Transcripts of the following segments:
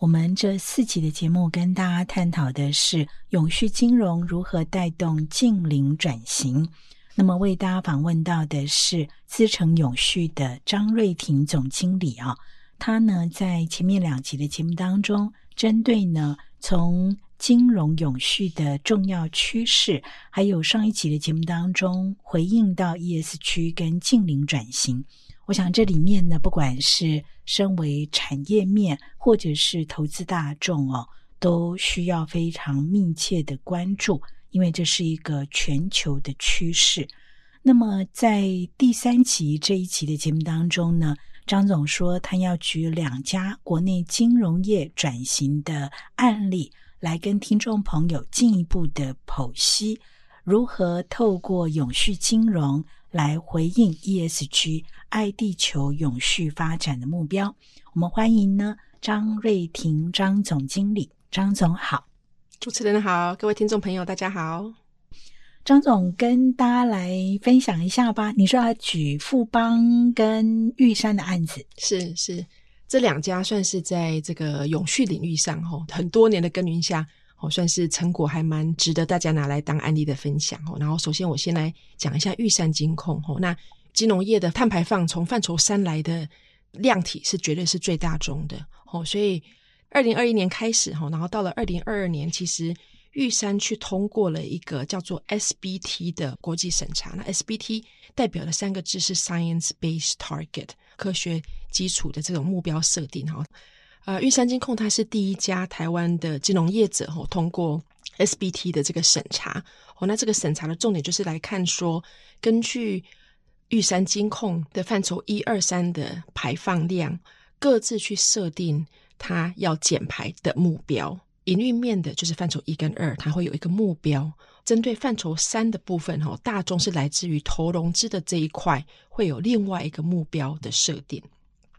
我們這四集的節目跟大家探討的是永續金融如何帶動淨零轉型。那麼為大家訪問到的是資誠永續的張瑞婷總經理啊，他呢在前面兩集的節目當中，針對呢從金融永續的重要趨勢，還有上一集的節目當中回應到 ESG 跟淨零轉型。我想這裡面呢，不管是身為產業面，或者是投資大眾哦，都需要非常密切的關注，因為這是一個全球的趨勢。那麼在第三期這一期的節目當中呢，張總說他要舉兩家國內金融業轉型的案例，來跟聽眾朋友進一步的剖析，如何透過永續金融，來回應 ESG 愛地球永續發展的目標，我們歡迎呢，張瑞婷張總經理。張總好。主持人好，各位聽眾朋友大家好。張總跟大家來分享一下吧。你說要舉富邦跟玉山的案子，是是這兩家算是在這個永續領域上吼，很多年的耕耘下。哦，算是成果還蠻值得大家拿來當案例的分享，哦，然後，首先我先來講一下玉山金控，哦，那金融業的碳排放從範疇三來的量體是絕對是最大宗的，哦，所以，二零二一年開始，哦，然後到了二零二二年，其實玉山去通過了一個叫做 SBT 的國際審查。那 SBT 代表的三個字是 Science Based Target，科學基礎的這種目標設定，哦呃，玉山金控它是第一家台灣的金融業者、哦、通過 SBT 的這個審查哦。那這個審查的重點就是來看說，根據玉山金控的範疇一、二、三的排放量，各自去設定它要減排的目標。營運面的就是範疇一跟二，它會有一個目標；針對範疇三的部分、哦、大眾是來自於投融資的這一塊，會有另外一個目標的設定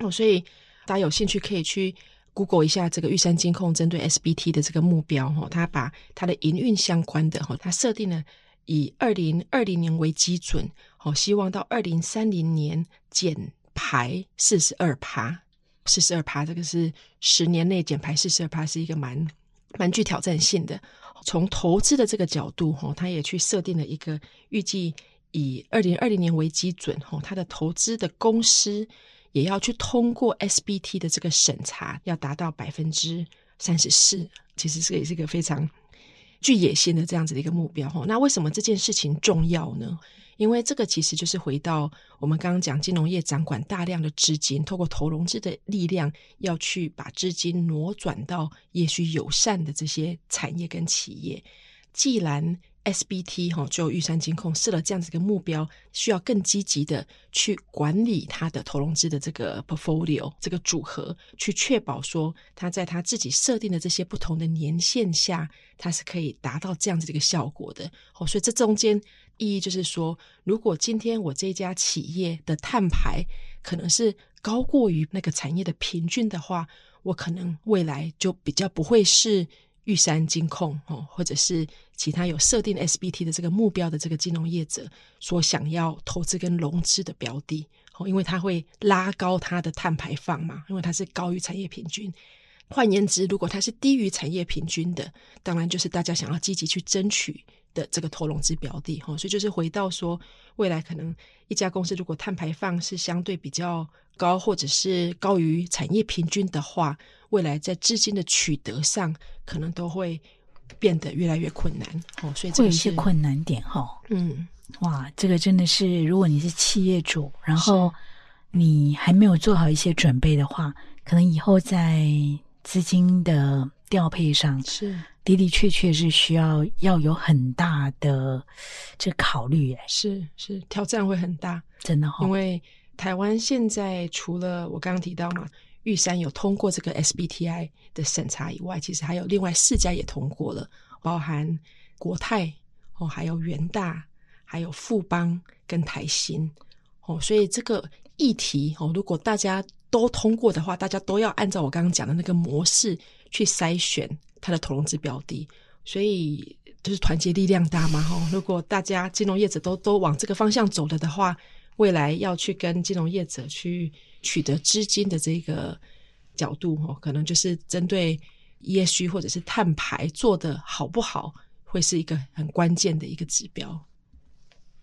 哦，所以。大家有興趣可以去 Google 一下這個玉山金控針對 S B T 的這個目標、哦，哈，它把它的營運相關的、哦，哈，它設定了以二零二零年為基準，哦，希望到二零三零年減排四十二趴，四十二趴，這個是十年內減排四十二趴，是一個蠻蠻具挑戰性的。從投資的這個角度、哦，哈，它也去設定了一個預計以二零二零年為基準，哈、哦，它的投資的公司。也要去通過 SBT 的這個審查，要達到百分之三十四。其實這也是一個非常具野心的這樣子的一個目標。那為什麼這件事情重要呢？因為這個其實就是回到我們剛剛講金融業掌管大量的資金，透過投融資的力量，要去把資金挪轉到也許友善的這些產業跟企業。既然 S B T 就玉山金控設了這樣子一個目標，需要更積極的去管理他的投融資的這個 portfolio 這個組合，去確保說他在他自己設定的這些不同的年限下，它是可以達到這樣子的一個效果的。哦，所以這中間意義就是說，如果今天我這家企業的碳排可能是高過於那個產業的平均的話，我可能未來就比較不會是。玉山金控哦，或者是其他有設定 SBT 的這個目標的這個金融業者所想要投資跟融資的標的哦，因為它會拉高它的碳排放嘛，因為它是高於產業平均。換言之，如果它是低於產業平均的，當然就是大家想要積極去爭取的這個投融資標的哦。所以就是回到說，未來可能一家公司如果碳排放是相對比較。高，或者是高於產業平均的話，未來在資金的取得上，可能都會變得越來越困難。哦，所以這有一些困難點，哦，哈。嗯，哇，這個真的是，如果你是企業主，然後你還沒有做好一些準備的話，可能以後在資金的調配上，是的的確確是需要要有很大的這考慮，哎，是是，挑戰會很大，真的，哦，因為。台灣現在除了我剛剛提到嘛，玉山有通過這個 SBTI 的審查以外，其實還有另外四家也通過了，包含國泰哦，還有元大，還有富邦跟台新哦，所以這個議題哦，如果大家都通過的話，大家都要按照我剛剛講的那個模式去篩選它的投融資標的，所以就是團結力量大嘛哦，如果大家金融業者都都往這個方向走了的話，未來要去跟金融業者去取得資金的這個角度哦，可能就是針對 ESG 或者是碳排做得好不好，會是一個很關鍵的一個指標。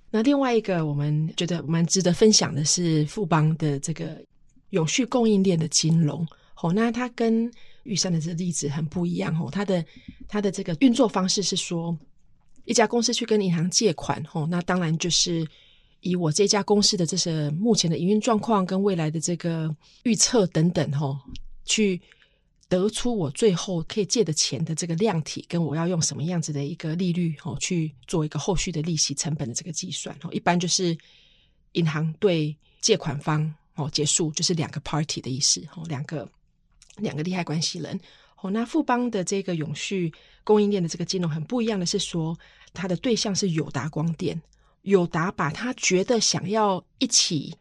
那另外一個我們覺得蠻值得分享的是富邦的這個永續供應鏈的金融哦，那它跟玉山的這個例子很不一樣哦，它的它的這個運作方式是說，一家公司去跟銀行借款哦，那當然就是。以我這家公司的這些目前的營運狀況跟未來的這個預測等等吼，去得出我最後可以借的錢的這個量體跟我要用什麼樣子的一個利率去做一個後續的利息成本的這個計算。一般就是銀行對借款方哦，結束就是兩個 party 的意思，兩個兩個利害關係人。那富邦的這個永續供應鏈的這個金融很不一樣的是說，它的對象是友達光電。友達把他覺得想要一起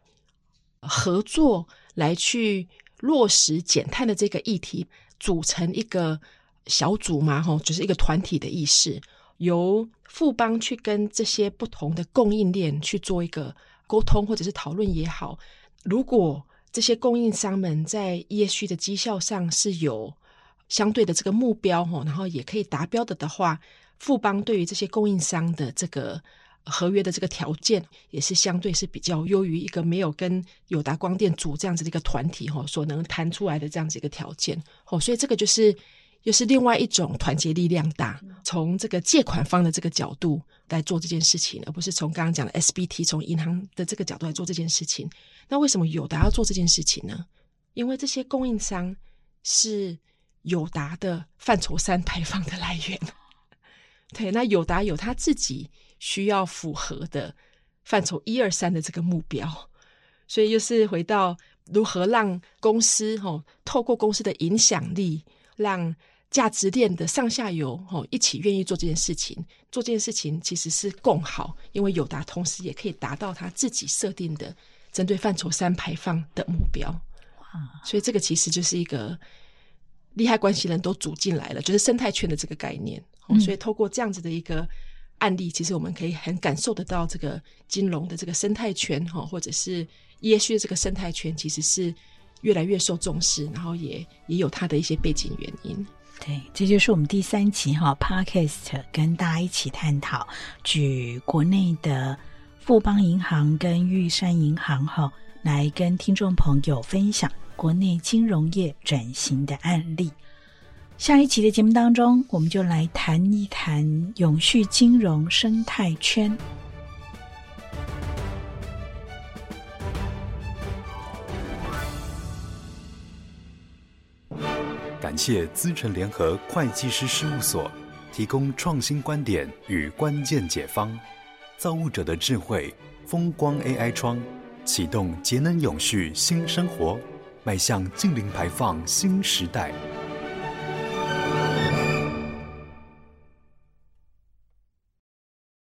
合作來去落實減碳的這個議題，組成一個小組嘛，吼、哦，就是一個團體的意識。由富邦去跟這些不同的供應鏈去做一個溝通或者是討論也好。如果這些供應商們在 ESG 的績效上是有相對的這個目標，然後也可以達標的的話，富邦對於這些供應商的這個。合約的這個條件也是相對是比較優於一個沒有跟友達光電組這樣子的一個團體哈所能談出來的這樣子一個條件哦，所以這個就是又是另外一種團結力量大，從這個借款方的這個角度來做這件事情，而不是從剛剛講的 SBT 從銀行的這個角度來做這件事情。那為什麼友達要做這件事情呢？因為這些供應商是友達的範疇三排放的來源，對，那友達有他自己。需要符合的範疇一二三的這個目標，所以又是回到如何讓公司哦，透過公司的影響力，讓價值鏈的上下游哦一起願意做這件事情。做這件事情其實是共好，因為友達同時也可以達到他自己設定的針對範疇三排放的目標。哇，所以這個其實就是一個利害關係人都組進來了，就是生態圈的這個概念。嗯、所以透過這樣子的一個。案例其實我們可以很感受得到，這個金融的這個生態圈哈，或者是 ES 的這個生態圈，其實是越來越受重視，然後也也有它的一些背景原因。對，這就是我們第三期哈 Podcast 跟大家一起探討，舉國內的富邦銀行跟玉山銀行哈，來跟聽眾朋友分享國內金融業轉型的案例。下一期的節目當中，我們就來談一談永續金融生態圈。感謝資誠聯合會計師事務所提供創新觀點與關鍵解方，造物者的智慧，風光 AI 窗，啟動節能永續新生活，邁向淨零排放新時代。